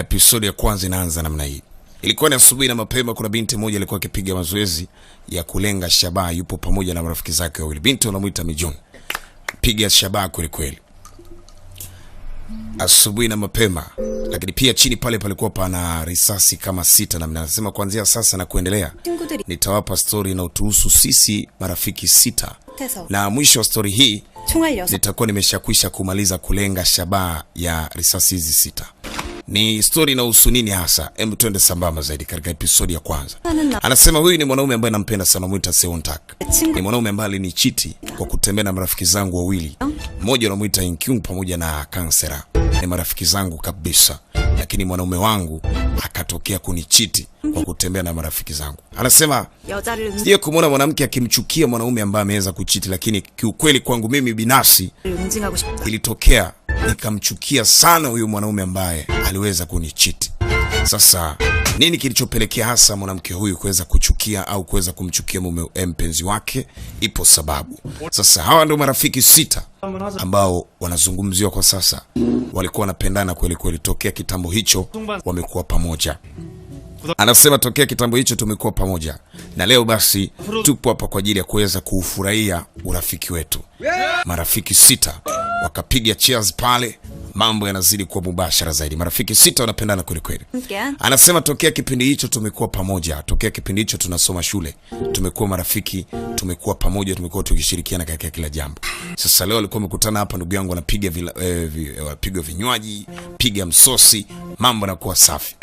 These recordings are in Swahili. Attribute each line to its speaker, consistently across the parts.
Speaker 1: episodi ya kwanza inaanza namna hii. Ilikuwa ni asubuhi na mapema, kuna binti moja alikuwa akipiga mazoezi ya kulenga shabaha, yupo pamoja na marafiki zake wawili. Binti wanamuita Mijun, piga shabaha kweli kweli, asubuhi na mapema. Lakini pia chini pale palikuwa pana risasi kama sita, na mnasema kuanzia sasa na kuendelea nitawapa stori na utuhusu sisi marafiki sita, na mwisho wa stori hii nitakuwa nimeshakwisha kumaliza kulenga shabaha ya risasi hizi sita. Ni stori inahusu nini hasa? Hebu twende sambamba zaidi katika episodi ya kwanza. Anasema huyu ni mwanaume ambaye nampenda sana, mwita Seontak. Ni mwanaume ambaye alinichiti kwa kutembea na marafiki zangu wawili, mmoja anamwita Inkyung pamoja na Kansera, ni marafiki zangu kabisa, lakini mwanaume wangu akatokea kunichiti kwa kutembea na marafiki zangu. Anasema sije kumwona mwanamke akimchukia mwanaume ambaye ameweza kuchiti, lakini kiukweli kwangu mimi binafsi ilitokea nikamchukia sana huyu mwanaume ambaye aliweza kunichiti. Sasa nini kilichopelekea hasa mwanamke huyu kuweza kuchukia au kuweza kumchukia mume eh, mpenzi wake? Ipo sababu. Sasa hawa ndio marafiki sita ambao wanazungumziwa kwa sasa, walikuwa wanapendana kweli kweli tokea kitambo hicho, wamekuwa pamoja. Anasema tokea kitambo hicho tumekuwa pamoja, na leo basi tupo hapa kwa ajili ya kuweza kuufurahia urafiki wetu. Marafiki sita wakapiga cheers pale, mambo yanazidi kuwa mubashara zaidi. Marafiki sita wanapendana kweli kweli. Anasema tokea kipindi hicho tumekuwa pamoja, tokea kipindi hicho tunasoma shule, tumekuwa marafiki, tumekuwa pamoja, tumekuwa tukishirikiana katika kila jambo. Sasa leo alikuwa amekutana hapa ndugu yangu, anapiga eh, eh, vinywaji, piga msosi, mambo yanakuwa safi.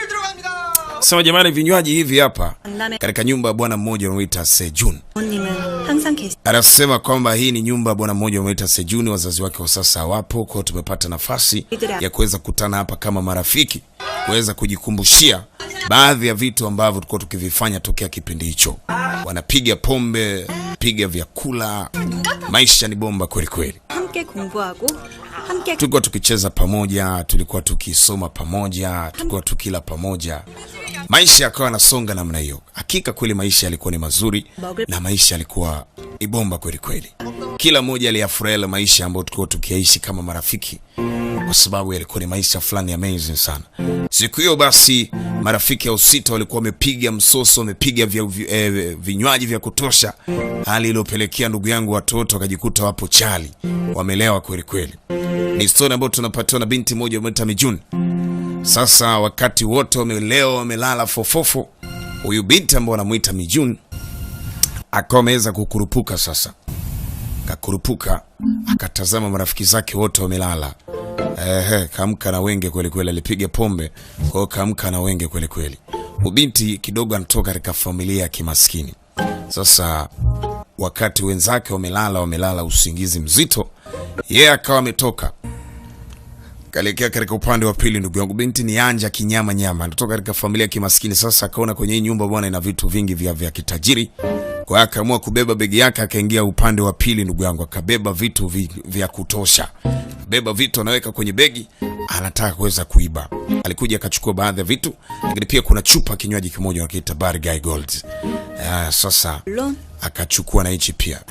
Speaker 1: Sema jamani, vinywaji hivi hapa katika nyumba ya bwana mmoja anaoita Sejun. Anasema kwamba hii ni nyumba ya bwana mmoja anaoita Sejun, wazazi wake wa sasa hawapo, kwa tumepata nafasi ya kuweza kukutana hapa kama marafiki, kuweza kujikumbushia baadhi ya vitu ambavyo tulikuwa tukivifanya tokea kipindi hicho. Wanapiga pombe, piga vyakula, maisha ni bomba kweli kweli. 함께 공부하고 함께 tulikuwa tukicheza pamoja, tulikuwa tukisoma pamoja, tulikuwa tukila pamoja. Maisha yakawa anasonga namna hiyo. Hakika kweli maisha yalikuwa ni mazuri na maisha yalikuwa ibomba kweli kweli. Kila mmoja aliyafurahia maisha ambayo tulikuwa tukiaishi kama marafiki, kwa sababu yalikuwa ni maisha fulani amazing sana. Siku hiyo basi Marafiki ya usita walikuwa wamepiga msoso, wamepiga eh, vinywaji vya kutosha, hali iliyopelekea ndugu yangu watoto wakajikuta wapo chali, wamelewa kweli kweli. Ni stori ambayo tunapatiwa na binti moja mta Mijuni. Sasa wakati wote wamelewa, wamelala fofofo, huyu binti ambao wanamuita Mijuni akawa ameweza kukurupuka sasa, kakurupuka akatazama marafiki zake wote wamelala Ehe, kamka na wenge kweli kweli, alipiga pombe kwao, kamka na wenge kweli kweli. Ubinti kidogo anatoka katika familia ya kimaskini. Sasa wakati wenzake wamelala wamelala usingizi mzito, yeye yeah, akawa ametoka kaelekea katika upande wa pili, ndugu yangu, binti ni anja kinyama nyama, anatoka katika familia kimaskini. Sasa akaona kwenye hii nyumba bwana ina vitu vingi vya vya kitajiri, kwa akaamua kubeba begi yake akaingia upande wa pili, ndugu yangu, akabeba vitu vi, vya kutosha, beba vitu anaweka kwenye begi, anataka kuweza kuiba. Alikuja akachukua baadhi ya vitu, lakini pia kuna chupa kinywaji kimoja wakiita bar guy Gold. Ah, sasa akachukua na hichi pia,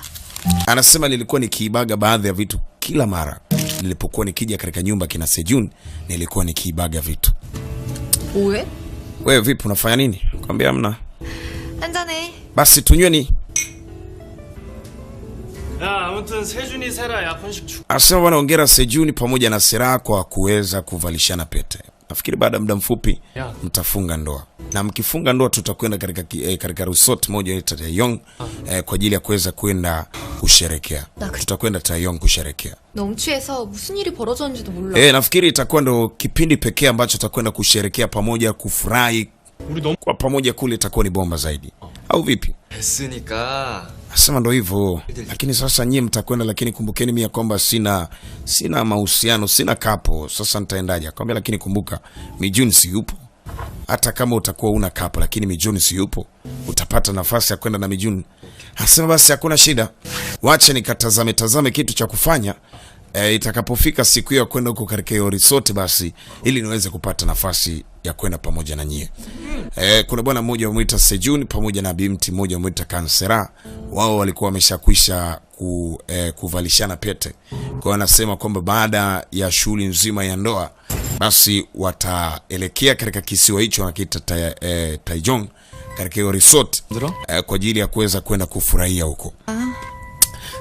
Speaker 1: anasema nilikuwa nikiibaga baadhi ya vitu kila mara nilipokuwa nikija katika nyumba kina Sejun nilikuwa nikiibaga vitu. Uwe? Wewe vipi unafanya nini? Kwambia hamna. Anjani. Basi tunywe tunyweni. Asema bwana, hongera Sejun pamoja na Sera kwa kuweza kuvalishana pete. Nafikiri baada ya muda mfupi yeah, mtafunga ndoa, na mkifunga ndoa tutakwenda katika eh, katika resort moja inaitwa Taeyong ah. eh, kwa ajili ya kuweza kwenda kusherekea. Tutakwenda Taeyong kusherekea.
Speaker 2: 넘치에서 무슨 일이 벌어졌는지도 몰라.
Speaker 1: eh nafikiri itakuwa ndo kipindi pekee ambacho tutakwenda kusherekea pamoja, kufurahi kwa pamoja kule, itakuwa ni bomba zaidi, au vipi?
Speaker 3: sinika
Speaker 1: Nasema ndo hivyo, lakini sasa nyie mtakwenda, lakini kumbukeni mimi kwamba sina sina mahusiano, sina kapo. Sasa nitaendaje? akwambia lakini kumbuka Mijuni si yupo, hata kama utakuwa una kapo, lakini Mijuni si yupo uta nikapata nafasi ya kwenda na Mijuni. Anasema basi hakuna shida, wache nikatazame tazame kitu cha kufanya e, itakapofika siku hiyo kwenda huko katika hiyo resort basi, ili niweze kupata nafasi ya kwenda pamoja na nyie. E, kuna bwana mmoja amuita Sejuni pamoja na binti mmoja amuita Kansera, wao walikuwa wameshakwisha ku, e, kuvalishana pete. Kwa hiyo anasema kwamba baada ya shughuli nzima ya ndoa basi wataelekea katika kisiwa hicho wanakiita Taijong, e, Taichung katika hiyo resort uh, kwa ajili ya kuweza kwenda kufurahia huko. Ah.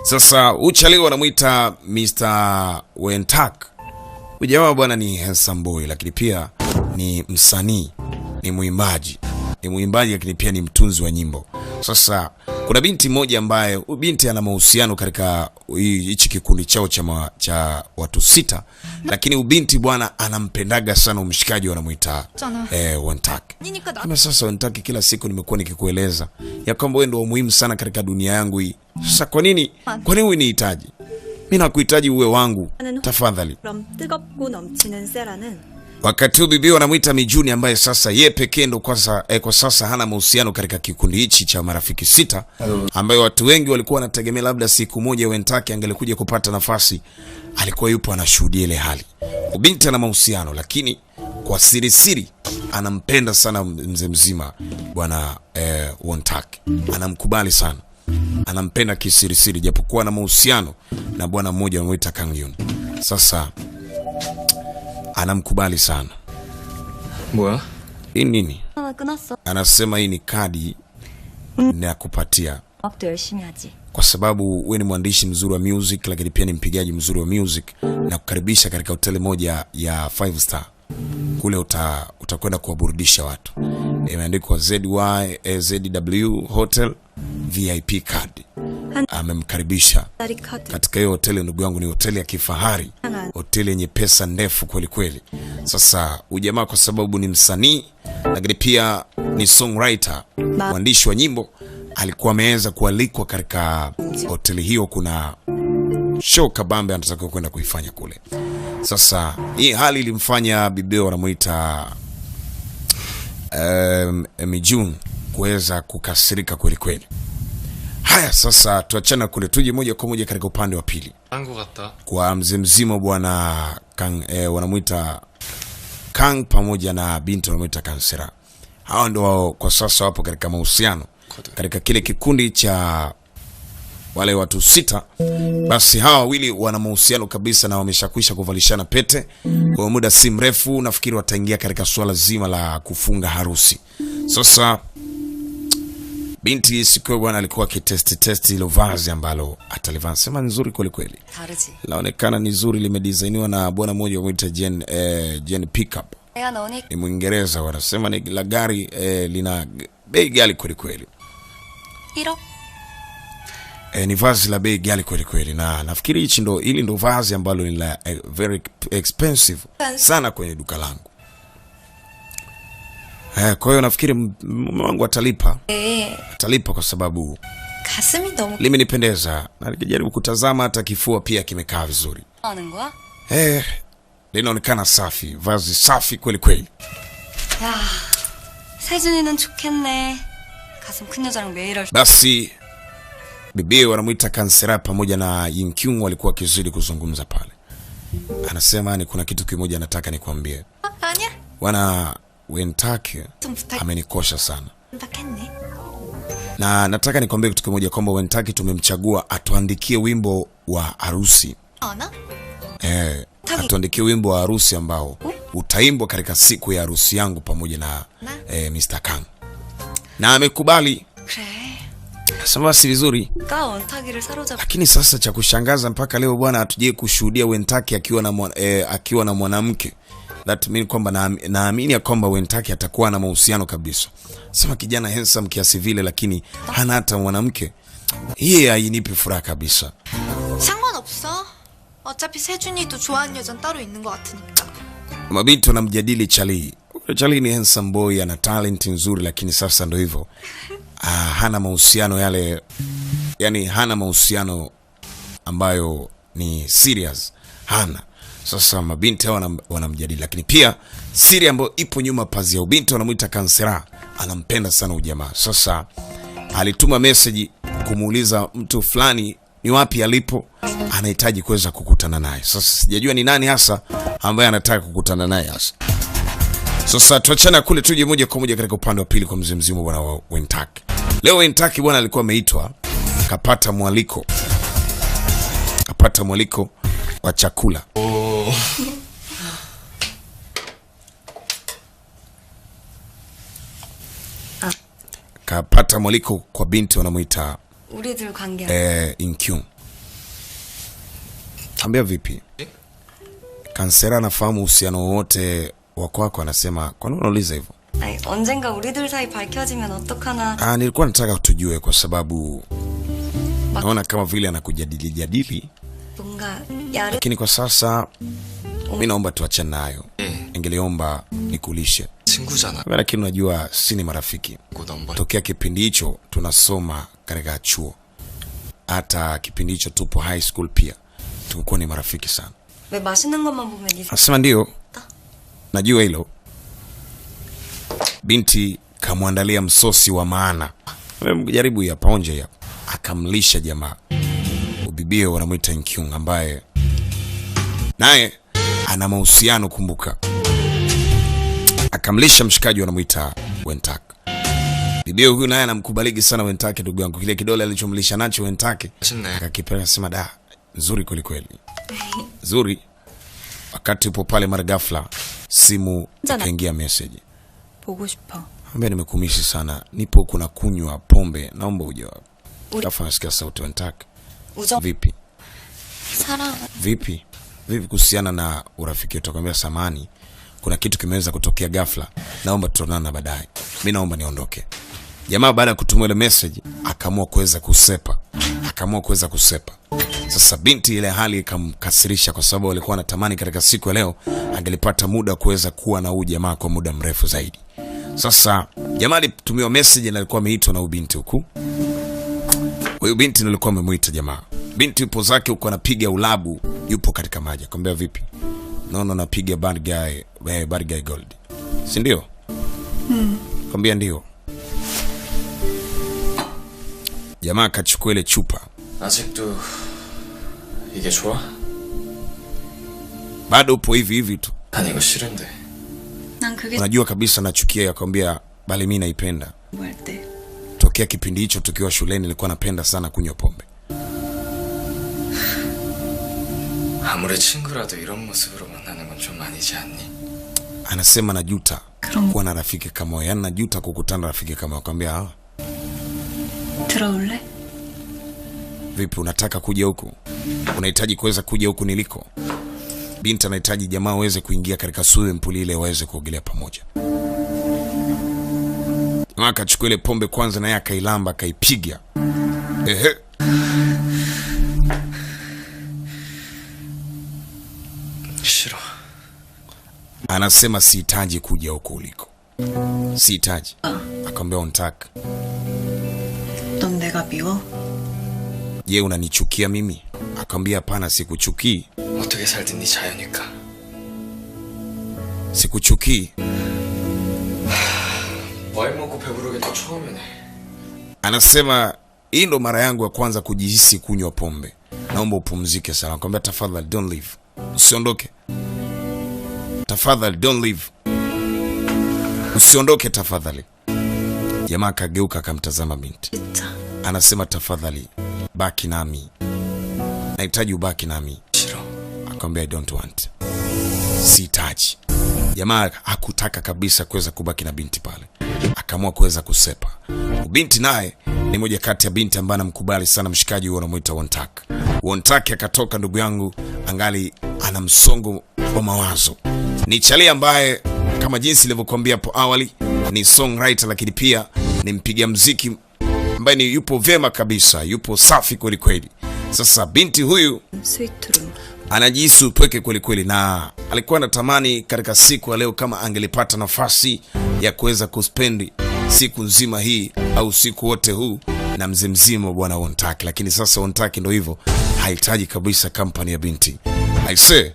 Speaker 1: Sasa Ucha leo anamuita Mr. Wentak. Ujamaa bwana ni handsome boy, lakini pia ni msanii, ni mwimbaji, ni mwimbaji, lakini pia ni mtunzi wa nyimbo. Sasa kuna binti moja ambaye binti ana mahusiano katika hichi kikundi chao cha, ma, cha watu sita, lakini ubinti bwana anampendaga sana umshikaji, wanamuita eh, Wantak. Kama sasa Wantak, kila siku nimekuwa nikikueleza ya kwamba wewe ndio muhimu sana katika dunia yangu hii. Sasa kwa nini kwa nini unihitaji mimi? Nakuhitaji uwe wangu, tafadhali. Wakati huu bibi wanamwita Mijuni ambaye sasa ye pekee ndo kwanza eh, kwa sasa hana mahusiano katika kikundi hichi cha marafiki sita ambayo watu wengi walikuwa wanategemea labda siku moja wentake angelikuja kupata nafasi, alikuwa yupo anashuhudia ile hali. Binti ana mahusiano lakini kwa siri siri anampenda sana mzee mzima bwana eh, Wontake anamkubali sana, anampenda kisirisiri japokuwa na mahusiano na bwana mmoja anaoita Kangyun. Sasa anamkubali sana. Mbwa, hii nini? Anasema hii ni kadi na kupatia kwa sababu we ni mwandishi mzuri wa music, lakini pia ni mpigaji mzuri wa music na kukaribisha katika hoteli moja ya five star kule uta, utakwenda kuwaburudisha watu. Imeandikwa ZY, ZW Hotel VIP card amemkaribisha katika hiyo hoteli. Ndugu yangu, ni hoteli ya kifahari, hoteli yenye pesa ndefu kweli kweli. Sasa ujamaa, kwa sababu ni msanii lakini pia ni songwriter, mwandishi wa nyimbo, alikuwa ameweza kualikwa katika hoteli hiyo. Kuna show kabambe anatakiwa kwenda kuifanya kule. Sasa hii hali ilimfanya Bibeo anamwita um, Mijun kuweza kukasirika kweli kweli. Haya, sasa tuachana kule, tuje moja kwa moja katika upande wa pili kwa mzee mzima bwana Kang, eh, wanamuita Kang pamoja na binti wanamuita Kansera. Hawa ndio kwa sasa wapo katika mahusiano katika kile kikundi cha wale watu sita, basi hawa wawili wana mahusiano kabisa na wameshakwisha kuvalishana pete. Kwa muda si mrefu, nafikiri wataingia katika swala zima la kufunga harusi sasa binti siku ya bwana alikuwa akitesti testi ilo vazi ambalo atalivaa, sema nzuri kweli kweli, laonekana ni zuri, limedesainiwa na bwana mmoja wamwita Jen, eh, Jen Pickup ni Mwingereza, wanasema ni la gari eh, lina bei gali kweli kweli eh, ni vazi la bei gali kweli kweli, na nafikiri hichi ndo, hili ndo vazi ambalo ni la eh, very expensive sana kwenye duka langu. Eh, kwa hiyo nafikiri mume wangu atalipa. Eh. Atalipa kwa sababu kasimi 너무 limenipendeza. Na nikijaribu kutazama hata kifua pia kimekaa vizuri. Oh, eh, linaonekana safi, vazi safi kweli kweli. Ah, Basi bibi wanamuita Kansera pamoja na Yinkyung walikuwa wakizidi kuzungumza pale. Anasema ni kuna kitu kimoja nataka nikwambie. Ah, Wana Wentake amenikosha sana na nataka nikwambie kitu kimoja kwamba Wentake tumemchagua atuandikie wimbo wa harusi eh, atuandikie wimbo wa harusi ambao utaimbwa katika siku ya harusi yangu pamoja na eh, Mr. Kang na amekubali. Nasema basi vizuri, lakini sasa cha kushangaza mpaka leo bwana, hatujai kushuhudia Wentake akiwa na, eh, akiwa na mwanamke that mean kwamba naamini na ya kwamba Wentaki atakuwa na mahusiano kabisa. Sema kijana hensam kiasi vile, lakini hana hata mwanamke. hiye hainipi furaha kabisa.
Speaker 2: 상관없어. 어차피 세준이도 좋아하는 여자는
Speaker 1: Mabinti wanamjadili Chali. Chali ni hensam boy, ana talenti nzuri, lakini sasa ndo hivyo ah, hana mahusiano yale, yani hana mahusiano ambayo ni serious, hana sasa mabinti hao wanamjadili, lakini pia siri ambayo ipo nyuma pazia, ubinti wanamuita kansera, anampenda sana ujamaa. Sasa alituma meseji kumuuliza mtu fulani ni wapi alipo, anahitaji kuweza kukutana naye. Sasa sijajua ni nani hasa ambaye anataka kukutana naye hasa. Sasa tuachana kule, tuje moja kwa moja katika upande wa pili kwa mzee mzima, bwana Wentak. Leo Wentak bwana alikuwa ameitwa, kapata mwaliko, kapata mwaliko wa chakula. Ah. kapata mwaliko kwa binti wanamuita 우리 eh, vipi? Eh? Kansera anafahamu uhusiano wowote wa kwako? Anasema kwa nini unauliza hivyo? Ah, nilikuwa nataka tujue kwa sababu naona kama vile anakujadili jadili 뭔가 Yaani- lakini kwa sasa mi naomba tuache nayo eh. ningeliomba nikulishe lakini unajua si ni marafiki tokea kipindi hicho tunasoma katika chuo hata kipindi hicho tupo high school pia tumekuwa ni marafiki sana anasema ndio ah. najua hilo binti kamwandalia msosi wa maana jaribu yapaonje ya akamlisha jamaa ubibie wanamwita nkyung ambaye naye ana mahusiano kumbuka, akamlisha mshikaji wanamwita Wentak. Bibi huyu naye anamkubaliki sana Wentake, ndugu yangu. Kile kidole alichomlisha nacho Wentake akakipea, sema da, nzuri kwelikweli nzuri. Wakati upo pale, mara ghafla simu ikaingia meseji ambaye nimekumishi sana, nipo kuna kunywa pombe, naomba ujawapo Alafu nasikia sauti Wentake, vipi vipi vipi kuhusiana na urafiki wetu? Akamwambia samani, kuna kitu kimeweza kutokea ghafla, naomba tutaonana baadaye, mi naomba niondoke. Jamaa baada ya kutumwa ile message akaamua kuweza kusepa, akaamua kuweza kusepa. Sasa binti ile hali ikamkasirisha, kwa sababu alikuwa anatamani katika siku ya leo angelipata muda kuweza kuwa na huyu jamaa kwa muda mrefu zaidi. Sasa jamaa alitumiwa message na alikuwa ameitwa na huyu binti huku, huyu binti alikuwa amemuita jamaa Binti upo zake huko anapiga ulabu, yupo katika maji. Akamwambia vipi? Naona napiga bad guy, eh, bad guy gold. Si ndio? Mm. kwambia ndio. Jamaa akachukua ile chupa.
Speaker 3: Asiktu. Ige
Speaker 1: Bado upo hivi hivi tu. Ani Unajua kabisa nachukia, yakwambia bali mimi naipenda. Tokea kipindi hicho tukiwa shuleni nilikuwa napenda sana kunywa pombe.
Speaker 3: 아무리 친구라도 이런 모습으로 만나는 건 아니지 않니?
Speaker 1: Anasema najuta 그럼. kuwa na rafiki kama wewe, najuta kukutana na rafiki kama wewe. 들어올래? vipi, unataka kuja huku? Unahitaji kuweza kuja huku niliko? Binti anahitaji jamaa aweze kuingia katika swimming pool ile waweze kuogelea pamoja. Akachukua ile pombe kwanza, naye akailamba akaipiga, ehe Anasema sihitaji kuja huko uliko, sihitaji. Ah. Akamwambia unataka Je, unanichukia mimi? Akamwambia hapana, sikuchukii. Sikuchukii. Anasema hii ndo mara yangu ya kwanza kujihisi kunywa pombe, naomba upumzike sana. Akamwambia tafadhali, don't leave, usiondoke. Tafadhali don't leave, usiondoke tafadhali. Jamaa akageuka akamtazama binti, anasema tafadhali baki nami, nahitaji ubaki nami. Akamwambia I don't want, sihitaji. Jamaa hakutaka kabisa kuweza kubaki na binti pale, akaamua kuweza kusepa. Binti naye ni moja kati ya binti ambaye anamkubali sana mshikaji huyo anamuita Wontak. Wontak akatoka ndugu yangu angali ana msongo wa mawazo. Ni Chalia ambaye kama jinsi nilivyokuambia hapo awali ni songwriter, lakini pia ni mpiga mziki ambaye ni yupo vyema kabisa, yupo safi kweli kweli. Sasa binti huyu anajihisi upweke kweli kweli, na alikuwa anatamani katika siku ya leo kama angelipata nafasi ya kuweza kuspendi siku nzima hii au siku wote huu na mzee mzima bwana Wontaki, lakini sasa Wontaki ndo hivyo, hahitaji kabisa kampani ya binti. Aise,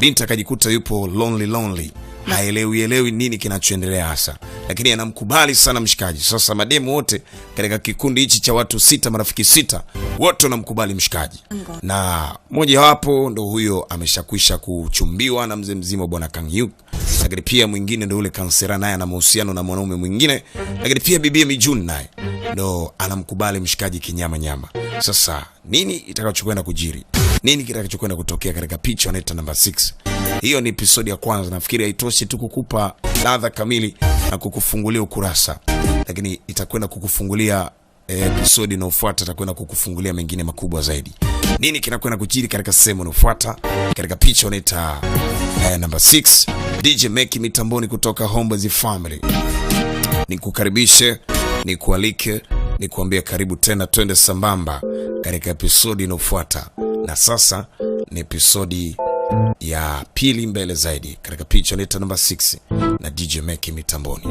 Speaker 1: binti akajikuta yupo lonely lonely haelewi elewi nini kinachoendelea hasa, lakini anamkubali sana mshikaji. Sasa mademu wote katika kikundi hichi cha watu sita, marafiki sita, wote wanamkubali mshikaji na mojawapo wapo ndo huyo ameshakwisha kuchumbiwa na mzee mzima bwana kanu lakini pia mwingine ndo ule kansera, naye ana mahusiano na mwanaume mwingine, lakini pia bibi Mijun naye ndo anamkubali mshikaji kinyama nyama. Sasa nini itakachokwenda kujiri? Nini kitakachokwenda kutokea katika picha wanaita namba 6? Hiyo ni episodi ya kwanza, nafikiri haitoshi tu kukupa ladha kamili na kukufungulia ukurasa, lakini itakwenda kukufungulia eh, episodi inayofuata, itakwenda kukufungulia mengine makubwa zaidi. Nini kinakwenda kujiri katika sehemu inayofuata, katika picha unaita eh, number 6 DJ Meki mitamboni kutoka Homeboyz Family. Nikukaribishe, nikualike, nikuambia karibu tena, twende sambamba katika episodi inayofuata. Na sasa ni episodi ya pili mbele zaidi katika picha leta namba 6 na DJ Meki mitamboni.